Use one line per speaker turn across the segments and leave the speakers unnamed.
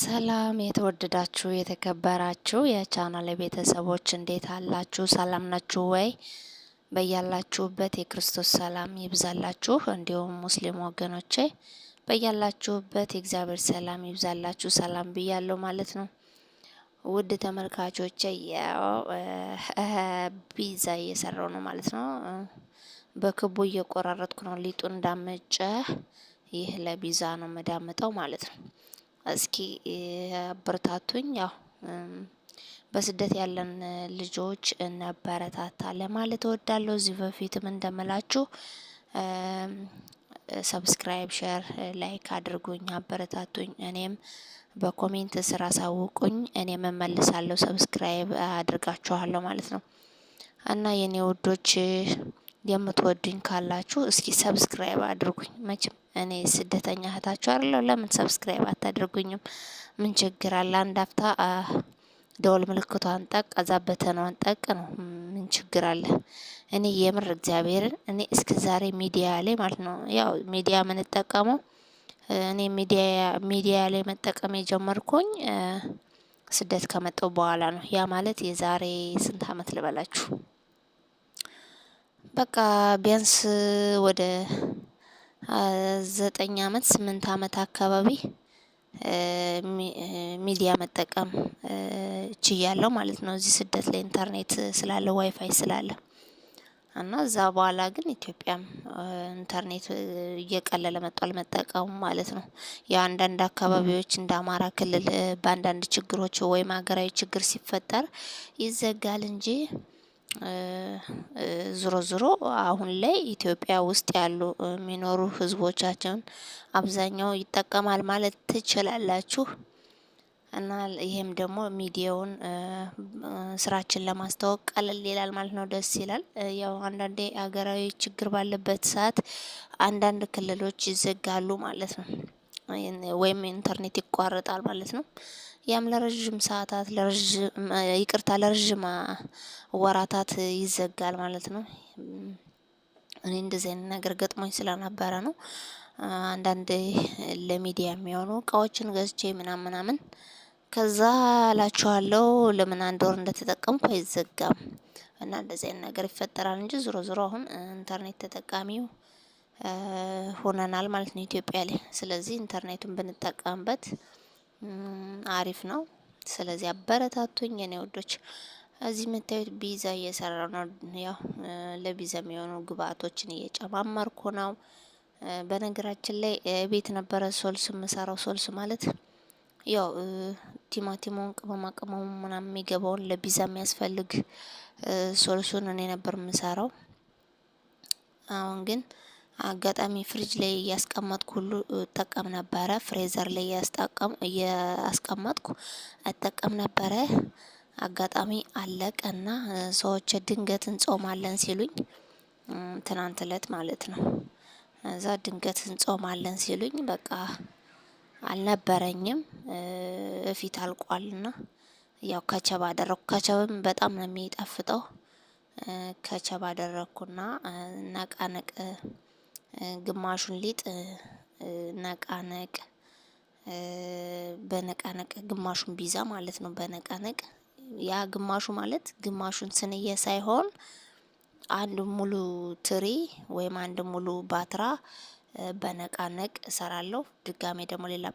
ሰላም የተወደዳችሁ የተከበራችሁ የቻናል ቤተሰቦች እንዴት አላችሁ? ሰላም ናችሁ ወይ? በያላችሁበት የክርስቶስ ሰላም ይብዛላችሁ። እንዲሁም ሙስሊም ወገኖቼ በያላችሁበት የእግዚአብሔር ሰላም ይብዛላችሁ። ሰላም ብያለሁ ማለት ነው። ውድ ተመልካቾቼ ያው ቢዛ እየሰራው ነው ማለት ነው። በክቡ እየቆራረጥኩ ነው ሊጡ እንዳመጨ። ይህ ለቢዛ ነው መዳምጠው ማለት ነው። እስኪ አበረታቱኝ። ያው በስደት ያለን ልጆች እናበረታታ ለማለት እወዳለሁ። እዚህ በፊትም እንደምላችሁ ሰብስክራይብ፣ ሼር፣ ላይክ አድርጉኝ፣ አበረታቱኝ። እኔም በኮሜንት ስራ ሳውቁኝ እኔም እመልሳለሁ። ሰብስክራይብ አድርጋችኋለሁ ማለት ነው እና የኔ ውዶች የምትወዱኝ ካላችሁ እስኪ ሰብስክራይብ አድርጉኝ። መቼም እኔ ስደተኛ እህታችሁ አለሁ። ለምን ሰብስክራይብ አታድርጉኝም? ምን ችግር አለ? አንድ አፍታ ደወል ምልክቷን ጠቅ አዛበተኗን ጠቅ ነው። ምን ችግር አለ? እኔ የምር እግዚአብሔርን እኔ እስከ ዛሬ ሚዲያ ላይ ማለት ነው ያው ሚዲያ የምንጠቀመው እኔ ሚዲያ ላይ መጠቀም የጀመርኩኝ ስደት ከመጣው በኋላ ነው። ያ ማለት የዛሬ ስንት አመት ልበላችሁ በቃ ቢያንስ ወደ ዘጠኝ አመት ስምንት አመት አካባቢ ሚዲያ መጠቀም ችያለው ማለት ነው። እዚህ ስደት ላይ ኢንተርኔት ስላለ ዋይፋይ ስላለ እና እዛ በኋላ ግን ኢትዮጵያም ኢንተርኔት እየቀለለ መጥቷል መጠቀሙ ማለት ነው። የአንዳንድ አካባቢዎች እንደ አማራ ክልል በአንዳንድ ችግሮች ወይም ሀገራዊ ችግር ሲፈጠር ይዘጋል እንጂ ዝሮ ዝሮ አሁን ላይ ኢትዮጵያ ውስጥ ያሉ የሚኖሩ ህዝቦቻችን አብዛኛው ይጠቀማል ማለት ትችላላችሁ። እና ይሄም ደግሞ ሚዲያውን ስራችን ለማስተዋወቅ ቀለል ይላል ማለት ነው። ደስ ይላል። ያው አንዳንዴ ሀገራዊ ችግር ባለበት ሰዓት አንዳንድ ክልሎች ይዘጋሉ ማለት ነው፣ ወይም ኢንተርኔት ይቋረጣል ማለት ነው። ያም ለረዥም ሰዓታት ይቅርታ፣ ለረዥም ወራታት ይዘጋል ማለት ነው። እኔ እንደዚህ አይነት ነገር ገጥሞኝ ስለነበረ ነው። አንዳንድ ለሚዲያ የሚሆኑ እቃዎችን ገዝቼ ምናምን ምናምን ከዛ እላችኋለሁ ለምን አንድ ወር እንደተጠቀምኩ አይዘጋም እና እንደዚህ አይነት ነገር ይፈጠራል እንጂ ዞሮ ዞሮ አሁን ኢንተርኔት ተጠቃሚው ሆነናል ማለት ነው ኢትዮጵያ ላይ። ስለዚህ ኢንተርኔቱን ብንጠቀምበት አሪፍ ነው። ስለዚህ አበረታቱኝ የኔ ውዶች። እዚህ የምታዩት ቢዛ እየሰራ ነው። ያው ለቢዛ የሚሆኑ ግብአቶችን እየጨማመርኩ ነው። በነገራችን ላይ ቤት ነበረ ሶልስ የምሰራው። ሶልስ ማለት ያው ቲማቲሙን፣ ቅመማ ቅመሙ ምናምን የሚገባውን ለቢዛ የሚያስፈልግ ሶልሱን እኔ ነበር የምሰራው። አሁን ግን አጋጣሚ ፍሪጅ ላይ እያስቀመጥኩ ሁሉ እጠቀም ነበረ። ፍሬዘር ላይ እያስቀመጥኩ እጠቀም ነበረ። አጋጣሚ አለቀና ሰዎች ድንገት እንጾማለን ሲሉኝ ትናንት እለት ማለት ነው። እዛ ድንገት እንጾማለን ሲሉኝ በቃ አልነበረኝም። እፊት አልቋልና ያው ከቸብ አደረግኩ። ከቸብም በጣም ነው የሚጣፍጠው። ከቸብ አደረኩና ነቃነቅ ግማሹን ሊጥ ነቃነቅ በነቃነቅ ግማሹን ቢዛ ማለት ነው። በነቃነቅ ያ ግማሹ ማለት ግማሹን ስንየ ሳይሆን አንድ ሙሉ ትሪ ወይም አንድ ሙሉ ባትራ በነቃነቅ እሰራለሁ። ድጋሜ ደግሞ ሌላ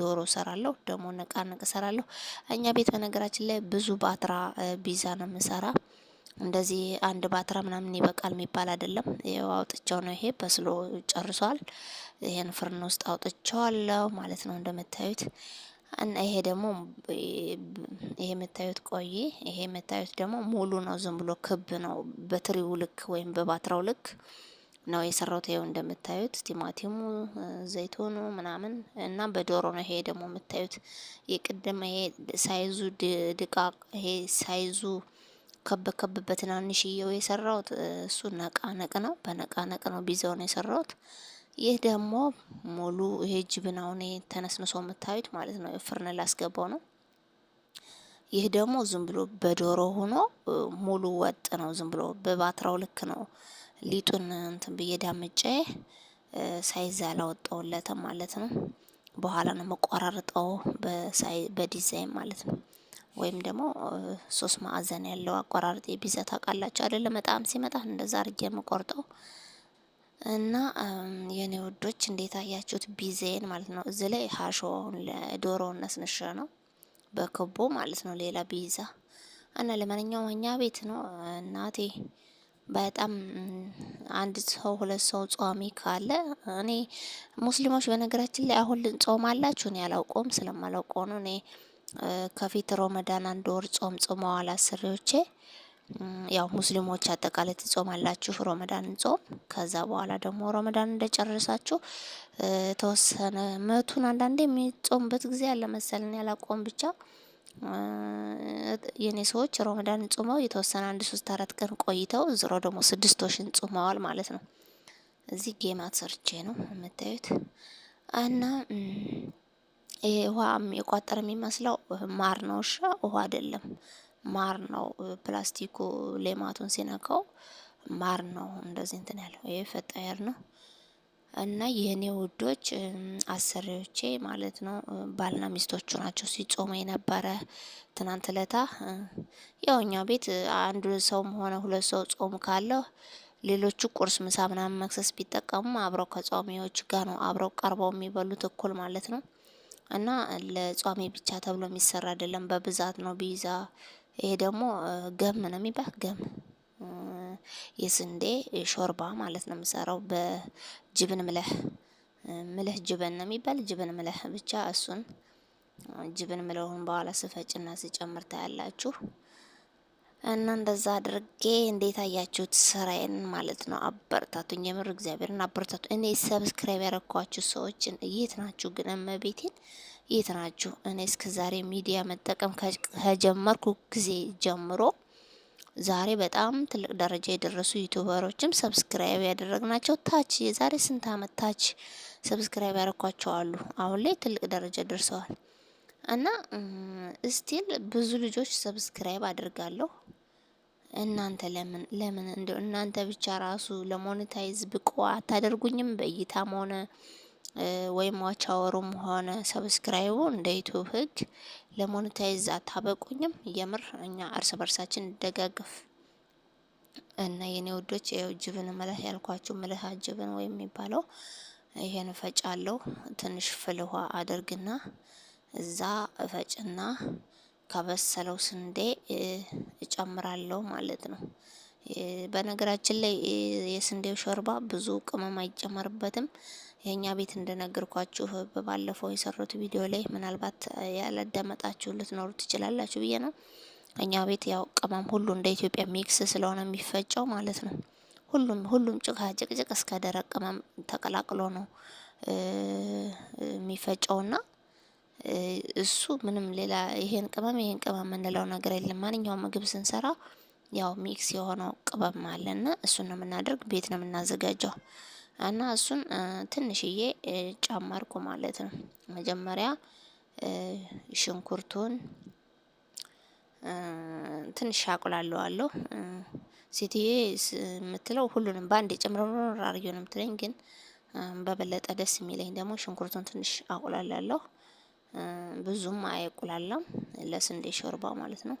ዶሮ እሰራለሁ። ደግሞ ነቃነቅ እሰራለሁ። እኛ ቤት በነገራችን ላይ ብዙ ባትራ ቢዛ ነው የምሰራ። እንደዚህ አንድ ባትራ ምናምን ይበቃል የሚባል አይደለም። ይኸው አውጥቼው ነው። ይሄ በስሎ ጨርሷል። ይሄን ፍርን ውስጥ አውጥቼዋለሁ ማለት ነው እንደምታዩት። ይሄ ደግሞ ይሄ የምታዩት ቆይ ይሄ የምታዩት ደግሞ ሙሉ ነው። ዝም ብሎ ክብ ነው። በትሪው ልክ ወይም በባትራው ልክ ነው የሰራሁት። ይኸው እንደምታዩት ቲማቲሙ፣ ዘይቶኑ ምናምን እና በዶሮ ነው። ይሄ ደግሞ የምታዩት የቅድም ይሄ ሳይዙ ድቃቅ ይሄ ሳይዙ ከብ ከብ በትናንሽየው የሰራሁት እሱ ነቃነቅ ነው። በነቃነቅ ነው ቢዛውን የሰራሁት። ይህ ደግሞ ሙሉ ይሄ ጅብን አሁን ተነስንሶ የምታዩት ማለት ነው ፍርን ላስገባው ነው። ይህ ደግሞ ዝም ብሎ በዶሮ ሆኖ ሙሉ ወጥ ነው። ዝም ብሎ በባትራው ልክ ነው። ሊጡን እንትን ብዬ ዳምጬ ሳይዝ አላወጣውለትም ማለት ነው። በኋላ ነው መቆራርጠው በዲዛይን ማለት ነው። ወይም ደግሞ ሶስት ማዕዘን ያለው አቆራርጥ የፒዛ ታውቃላችሁ አይደለ? በጣም ሲመጣ እንደዛ አድርጌ የምቆርጠው እና የኔ ውዶች እንዴት አያችሁት? ቢዜን ማለት ነው። እዚህ ላይ ሀሾውን ዶሮውን ነስንሸ ነው በክቦ ማለት ነው። ሌላ ቢዛ እና ለማንኛውም እኛ ቤት ነው እናቴ በጣም አንድ ሰው ሁለት ሰው ጾሚ ካለ እኔ ሙስሊሞች በነገራችን ላይ አሁን ጾም አላችሁ? እኔ አላውቀውም ስለማላውቀው ነው እኔ ከፊት ሮመዳን አንድ ወር ጾም ጾመዋል አሰሪዎቼ። ያው ሙስሊሞች አጠቃላይ ትጾማላችሁ ሮመዳንን ጾም። ከዛ በኋላ ደግሞ ሮመዳን እንደጨረሳችሁ ተወሰነ መቱን አንዳንዴ የሚጾምበት ጊዜ አለ መሰልን ያላቆም ብቻ የኔ ሰዎች ሮመዳን ጾመው የተወሰነ አንድ ሶስት አራት ቀን ቆይተው ዝሮ ደግሞ ስድስቶሽን ጾመዋል ማለት ነው። እዚህ ጌማት ሰርቼ ነው የምታዩት እና ይሄ ውሃ የቋጠር የሚመስለው ማር ነው። እሺ ውሃ አይደለም፣ ማር ነው። ፕላስቲኩ ሌማቱን ሲነካው ማር ነው። እንደዚህ እንትን ያለው ይሄ ፈጣየር ነው። እና የእኔ ውዶች አሰሪዎቼ ማለት ነው ባልና ሚስቶቹ ናቸው። ሲጾመ የነበረ ትናንት ለታ ያው እኛ ቤት አንድ ሰውም ሆነ ሁለት ሰው ጾም ካለው ሌሎቹ ቁርስ፣ ምሳ ምናምን መክሰስ ቢጠቀሙ አብረው ከጾሚዎች ጋር ነው አብረው ቀርበው የሚበሉት እኩል ማለት ነው። እና ለጿሚ ብቻ ተብሎ የሚሰራ አይደለም። በብዛት ነው ቢዛ። ይሄ ደግሞ ገም ነው የሚባል ገም የስንዴ ሾርባ ማለት ነው የምሰራው በጅብን ምልህ ምልህ ጅበን ነው የሚባል ጅብን ምልህ ብቻ እሱን ጅብን ምልሁን በኋላ ስፈጭና ስጨምር ታያላችሁ። እና እንደዛ አድርጌ እንዴት አያችሁት ስራዬን ማለት ነው። አበረታቱኝ፣ የምር እግዚአብሔርን አበረታቱ። እኔ ሰብስክራይብ ያረኳችሁ ሰዎች የት ናችሁ? ግን እመቤቴን የት ናችሁ? እኔ እስከ ዛሬ ሚዲያ መጠቀም ከጀመርኩ ጊዜ ጀምሮ ዛሬ በጣም ትልቅ ደረጃ የደረሱ ዩቱበሮችም ሰብስክራይብ ያደረግናቸው ታች የዛሬ ስንት አመት ታች ሰብስክራይብ ያረኳቸው አሉ። አሁን ላይ ትልቅ ደረጃ ደርሰዋል። እና እስቲል ብዙ ልጆች ሰብስክራይብ አድርጋለሁ። እናንተ ለምን ለምን እንደ እናንተ ብቻ ራሱ ለሞኔታይዝ ብቁ አታደርጉኝም? በእይታም ሆነ ወይም ዋቻወሩም ሆነ ሰብስክራይቡ እንደ ዩቲዩብ ህግ ለሞኔታይዝ አታበቁኝም? የምር እኛ እርስ በርሳችን እንደጋገፍ እና የኔ ውዶች ያው ጅብን ምልህ ያልኳችሁ ምልህ አጅብን ወይም የሚባለው ይሄን ፈጫለሁ። ትንሽ ፍል ውሃ አድርግና እዛ እፈጭና ከበሰለው ስንዴ እጨምራለሁ ማለት ነው። በነገራችን ላይ የስንዴው ሾርባ ብዙ ቅመም አይጨመርበትም። የእኛ ቤት እንደነገርኳችሁ በባለፈው የሰሩት ቪዲዮ ላይ ምናልባት ያላዳመጣችሁ ልትኖሩ ትችላላችሁ ብዬ ነው። እኛ ቤት ያው ቅመም ሁሉ እንደ ኢትዮጵያ ሚክስ ስለሆነ የሚፈጨው ማለት ነው። ሁሉም ሁሉም ጭቃ ጭቅጭቅ እስከ ደረቅ ቅመም ተቀላቅሎ ነው የሚፈጨውና እሱ ምንም ሌላ ይሄን ቅመም ይሄን ቅመም የምንለው ነገር የለም። ማንኛውም ምግብ ስንሰራ ያው ሚክስ የሆነው ቅመም አለና እሱን ነው የምናደርግ፣ ቤት ነው የምናዘጋጀው እና እሱን ትንሽዬ ጨመርኩ ማለት ነው። መጀመሪያ ሽንኩርቱን ትንሽ አቁላለዋለሁ። ሴትዬ የምትለው ሁሉንም በአንድ ጨምረው አርጊ ነው የምትለኝ፣ ግን በበለጠ ደስ የሚለኝ ደግሞ ሽንኩርቱን ትንሽ አቁላላለሁ። ብዙም አይቁላላም ለስንዴ ሾርባ ማለት ነው።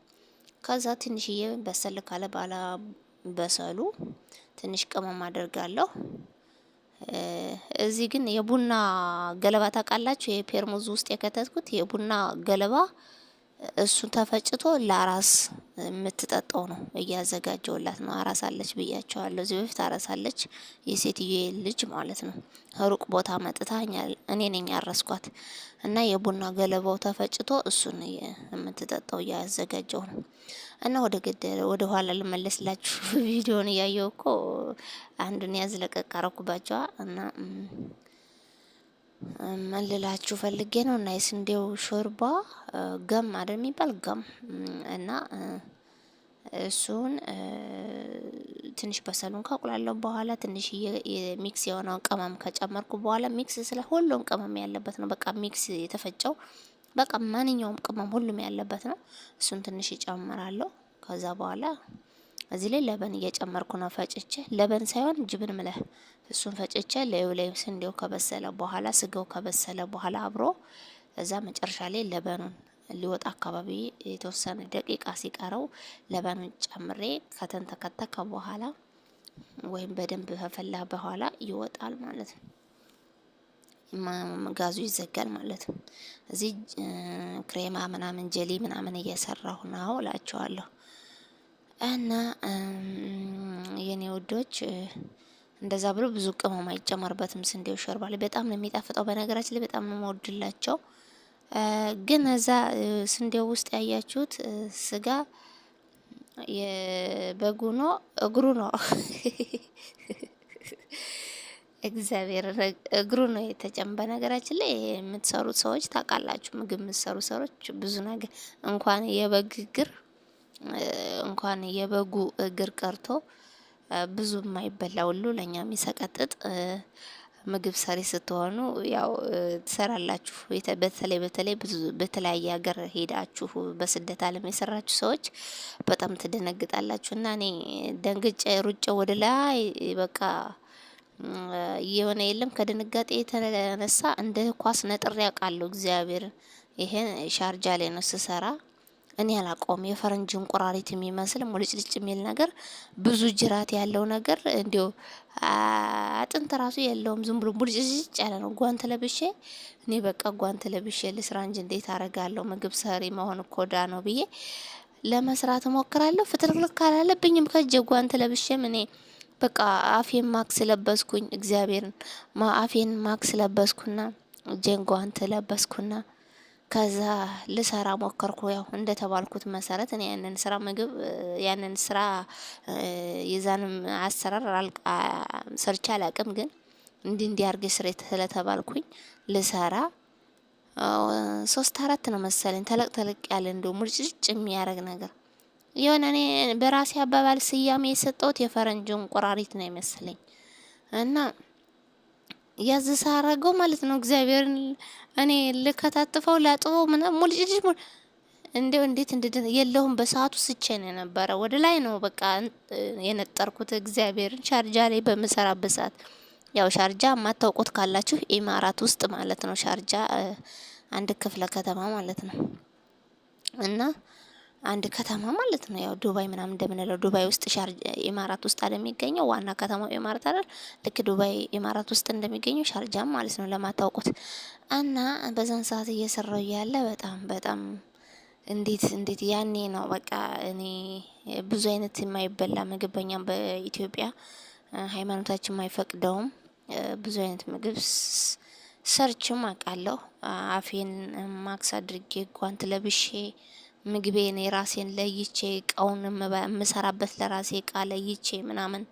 ከዛ ትንሽዬ በሰል ካለ ባላ በሰሉ ትንሽ ቅመም አደርጋለሁ። እዚህ ግን የቡና ገለባ ታውቃላችሁ፣ የፔርሙዝ ውስጥ የከተትኩት የቡና ገለባ እሱን ተፈጭቶ ለአራስ የምትጠጣው ነው እያዘጋጀውላት ነው። አራሳለች ብያቸዋለሁ። እዚህ በፊት አራስ የሴትዮ ልጅ ማለት ነው። ሩቅ ቦታ መጥታ እኔ ነኝ ያረስኳት እና የቡና ገለባው ተፈጭቶ እሱን የምትጠጣው እያዘጋጀው ነው። እና ወደ ግድ ወደ ኋላ ልመለስላችሁ ቪዲዮን እያየው እኮ አንዱን ያዝ ለቀቅ አረኩባቸዋ እና መልላችሁ ፈልጌ ነው እና የስንዴው ሾርባ ገም አይደል የሚባል ገም እና እሱን ትንሽ በሰሉን ካቁላለሁ በኋላ ትንሽ ሚክስ የሆነውን ቅመም ከጨመርኩ በኋላ ሚክስ ስለ ሁሉም ቅመም ያለበት ነው። በቃ ሚክስ የተፈጨው በቃ ማንኛውም ቅመም ሁሉም ያለበት ነው። እሱን ትንሽ ይጨምራለሁ ከዛ በኋላ እዚህ ላይ ለበን እየጨመርኩ ነው። ፈጭቼ ለበን ሳይሆን ጅብን ምለህ እሱን ፈጭቼ ለዩ ላይ ስንዴው ከበሰለ በኋላ ስጋው ከበሰለ በኋላ አብሮ እዛ መጨረሻ ላይ ለበኑን ሊወጣ አካባቢ የተወሰነ ደቂቃ ሲቀረው ለበኑን ጨምሬ ከተንተከተከ በኋላ ወይም በደንብ ከፈላ በኋላ ይወጣል ማለት ነው። ጋዙ ይዘጋል ማለት ነው። እዚህ ክሬማ ምናምን ጀሊ ምናምን እየሰራሁ ነው እላችኋለሁ። እና የኔ ውዶች እንደዛ ብሎ ብዙ ቅመም አይጨመርበትም። ስንዴው ሾርባ ላይ በጣም ነው የሚጣፍጠው። በነገራችን ላይ በጣም ነው የምወድላቸው። ግን እዛ ስንዴው ውስጥ ያያችሁት ስጋ የበጉ ነው እግሩ ነው እግዚአብሔር እግሩ ነው የተጨመረ። በነገራችን ላይ የምትሰሩት ሰዎች ታውቃላችሁ፣ ምግብ የምትሰሩ ሰዎች ብዙ ነገር እንኳን የበግ እግር እንኳን የበጉ እግር ቀርቶ ብዙ የማይበላ ሁሉ ለእኛ የሚሰቀጥጥ ምግብ ሰሪ ስትሆኑ ያው ትሰራላችሁ። በተለይ በተለይ ብዙ በተለያየ ሀገር ሄዳችሁ በስደት ዓለም የሰራችሁ ሰዎች በጣም ትደነግጣላችሁ። እና እኔ ደንግጬ ሩጬ ወደ ላይ በቃ የሆነ የለም ከድንጋጤ የተነሳ እንደ ኳስ ነጥሬ አውቃለሁ። እግዚአብሔር ይሄን ሻርጃ ላይ ነው ስሰራ እኔ አላውቀውም። የፈረንጅ እንቁራሪት የሚመስል ሙልጭልጭ የሚል ነገር ብዙ ጅራት ያለው ነገር እንዲያው አጥንት ራሱ የለውም። ዝም ብሎ ሙልጭልጭ ያለ ነው። ጓንት ለብሼ እኔ በቃ ጓንት ለብሼ ልስራ እንጂ እንዴት አረጋለሁ? ምግብ ሰሪ መሆን ኮዳ ነው ብዬ ለመስራት እሞክራለሁ። ፍትልክልክ አላለብኝም ከጀ ጓንት ለብሼም እኔ በቃ አፌን ማክስ ለበስኩኝ። እግዚአብሔርን አፌን ማክስ ለበስኩና ጀን ጓንት ለበስኩና ከዛ ልሰራ ሞከርኩ። ያው እንደተባልኩት መሰረት እኔ ያንን ስራ ምግብ ያንን ስራ የዛንም አሰራር ሰርቼ አላቅም፣ ግን እንዲህ እንዲህ አድርጌ ስሬ ስለተባልኩኝ ልሰራ ሶስት አራት ነው መሰለኝ ተለቅ ተለቅ ያለ እንደ ሙርጭጭ የሚያደርግ ነገር የሆነ እኔ በራሴ አባባል ስያሜ የሰጠሁት የፈረንጅ እንቁራሪት ነው ይመስለኝ እና ያዝ ሳረገው ማለት ነው። እግዚአብሔርን እኔ ልከታጥፈው ላጥበው ምናምን ሙልጭጭ ሙል እንዴው እንዴት እንደ የለውም በሰዓቱ ስቸን የነበረ ወደ ላይ ነው በቃ የነጠርኩት እግዚአብሔርን ሻርጃ ላይ በምሰራበት ሰዓት ያው ሻርጃ የማታውቁት ካላችሁ ኢማራት ውስጥ ማለት ነው። ሻርጃ አንድ ክፍለ ከተማ ማለት ነው እና አንድ ከተማ ማለት ነው። ያው ዱባይ ምናምን እንደምንለው ዱባይ ውስጥ ሻርጃ ኢማራት ውስጥ አለ የሚገኘው ዋና ከተማው ኢማራት አይደል? ልክ ዱባይ ኢማራት ውስጥ እንደሚገኘው ሻርጃም ማለት ነው ለማታውቁት። እና በዛን ሰዓት እየሰራው እያለ በጣም በጣም እንዴት እንዴት ያኔ ነው በቃ እኔ ብዙ አይነት የማይበላ ምግብ በኛም በኢትዮጵያ ሃይማኖታችን የማይፈቅደውም ብዙ አይነት ምግብ ሰርችም አውቃለሁ። አፌን ማክስ አድርጌ ጓንት ለብሼ ምግቤን የራሴን ለይቼ እቃውን የምሰራበት ለራሴ እቃ ለይቼ ምናምን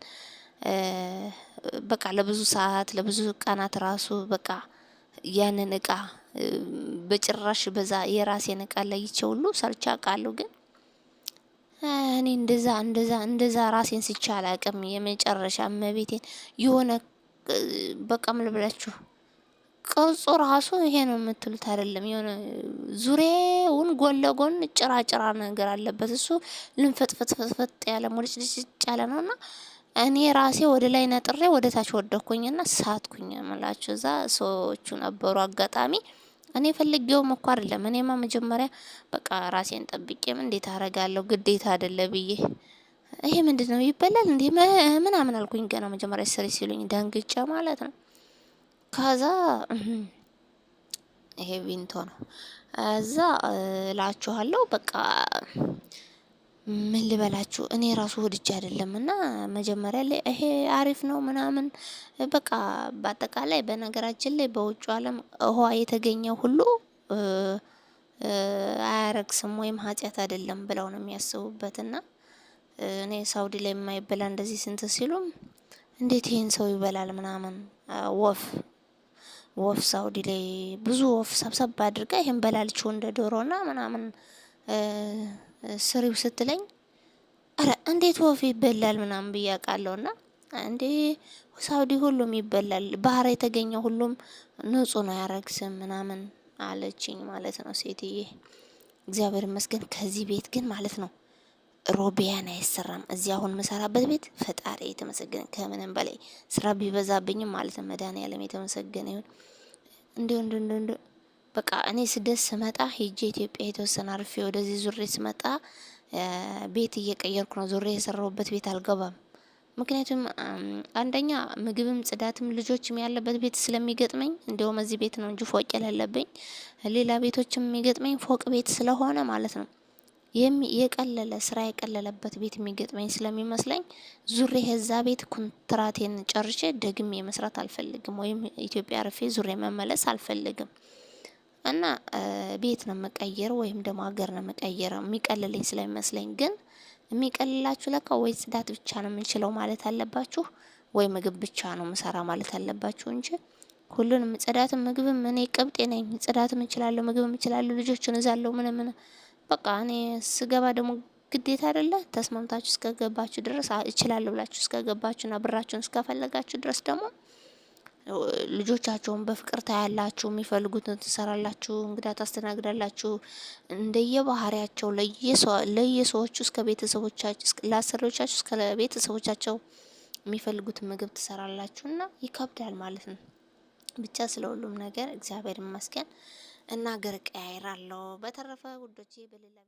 በቃ ለብዙ ሰዓት ለብዙ ቀናት ራሱ በቃ ያንን እቃ በጭራሽ በዛ የራሴን እቃ ለይቼ ሁሉ ሰርቻ አውቃለሁ። ግን እኔ እንደዛ እንደዛ እንደዛ ራሴን ስቻ አላቅም። የመጨረሻ እመቤቴን የሆነ በቃ ምልብላችሁ ቅርጹ ራሱ ይሄ ነው የምትሉት አይደለም። የሆነ ዙሬውን ጎን ለጎን ጭራጭራ ነገር አለበት። እሱ ልንፈጥፈጥፈጥፈጥ ያለ ሙልጭልጭጭ ያለ ነው እና እኔ ራሴ ወደ ላይ ነጥሬ ወደ ታች ወደኩኝና ሳትኩኝ ምላችሁ። እዛ ሰዎቹ ነበሩ አጋጣሚ እኔ ፈልጌውም እኮ አይደለም። እኔማ መጀመሪያ በቃ ራሴን ጠብቄም እንዴት አረጋለሁ ግዴታ አይደለ ብዬ ይሄ ምንድን ነው ይበላል እንዲህ ምናምን አልኩኝ። ገና መጀመሪያ ስሪ ሲሉኝ ደንግጬ ማለት ነው። ከዛ ይሄ ቪንቶ ነው። እዛ እላችኋለሁ በቃ ምን ልበላችሁ፣ እኔ ራሱ ወድጄ አይደለም እና መጀመሪያ ላይ ይሄ አሪፍ ነው ምናምን በቃ በአጠቃላይ በነገራችን ላይ በውጭ ዓለም ውሃ የተገኘ ሁሉ አያረግስም ወይም ኃጢአት አይደለም ብለው ነው የሚያስቡበትና እኔ ሳውዲ ላይ የማይበላ እንደዚህ ስንት ሲሉም እንዴት ይህን ሰው ይበላል ምናምን ወፍ ወፍ ሳውዲ ላይ ብዙ ወፍ ሰብሰብ አድርጋ ይሄን በላልችው እንደ ዶሮና ምናምን ስሪው ስትለኝ አረ እንዴት ወፍ ይበላል ምናምን ብያቃለሁ። እንዴ ሳውዲ ሁሉም ይበላል፣ ባህር የተገኘ ሁሉም ንጹህ ነው ያረግስም ምናምን አለችኝ ማለት ነው ሴትዬ። እግዚአብሔር ይመስገን ከዚህ ቤት ግን ማለት ነው ሮቢያን አይሰራም። እዚህ አሁን መሰራበት ቤት ፈጣሪ የተመሰገነ ከምንም በላይ ስራ ቢበዛብኝም ማለት ነው። መድኃኒዓለም የተመሰገነ ይሁን። እንዲሁ እንዲሁ በቃ እኔ ስደት ስመጣ ሄጄ ኢትዮጵያ የተወሰነ አርፌ ወደዚህ ዙሬ ስመጣ ቤት እየቀየርኩ ነው። ዙሬ የሰራሁበት ቤት አልገባም። ምክንያቱም አንደኛ ምግብም ጽዳትም ልጆችም ያለበት ቤት ስለሚገጥመኝ፣ እንዲሁም እዚህ ቤት ነው እንጂ ፎቅ የሌለብኝ ሌላ ቤቶችም የሚገጥመኝ ፎቅ ቤት ስለሆነ ማለት ነው። የቀለለ ስራ የቀለለበት ቤት የሚገጥመኝ ስለሚመስለኝ ዙሬ ከዛ ቤት ኮንትራቴን ጨርሼ ደግሜ መስራት አልፈልግም፣ ወይም ኢትዮጵያ ርፌ ዙሬ መመለስ አልፈልግም እና ቤት ነው የምቀይረው ወይም ደግሞ ሀገር ነው የምቀይረው የሚቀልልኝ ስለሚመስለኝ። ግን የሚቀልላችሁ ለካ ወይ ጽዳት ብቻ ነው የምንችለው ማለት አለባችሁ፣ ወይ ምግብ ብቻ ነው ምሰራ ማለት አለባችሁ እንጂ ሁሉንም ጽዳትም ምግብም እኔ ቅብጤ ነኝ። ጽዳትም እችላለሁ፣ ምግብም እችላለሁ፣ ልጆችን እዛለሁ፣ ምንምን በቃ እኔ ስገባ ደግሞ ግዴታ አይደለ ተስማምታችሁ እስከገባችሁ ድረስ እችላለሁ ብላችሁ እስከገባችሁና ብራችሁን እስከፈለጋችሁ ድረስ ደግሞ ልጆቻቸውን በፍቅር ታያላችሁ፣ የሚፈልጉትን ትሰራላችሁ፣ እንግዳ ታስተናግዳላችሁ። እንደየባህሪያቸው ለየሰዎቹ እስከ ቤተሰቦቻችሁ እስከ ቤተሰቦቻቸው የሚፈልጉትን ምግብ ትሰራላችሁ እና ይከብዳል ማለት ነው። ብቻ ስለ ሁሉም ነገር እግዚአብሔር ይመስገን። እና ገር ቀያይራለሁ። በተረፈ ውዶቼ በሌላ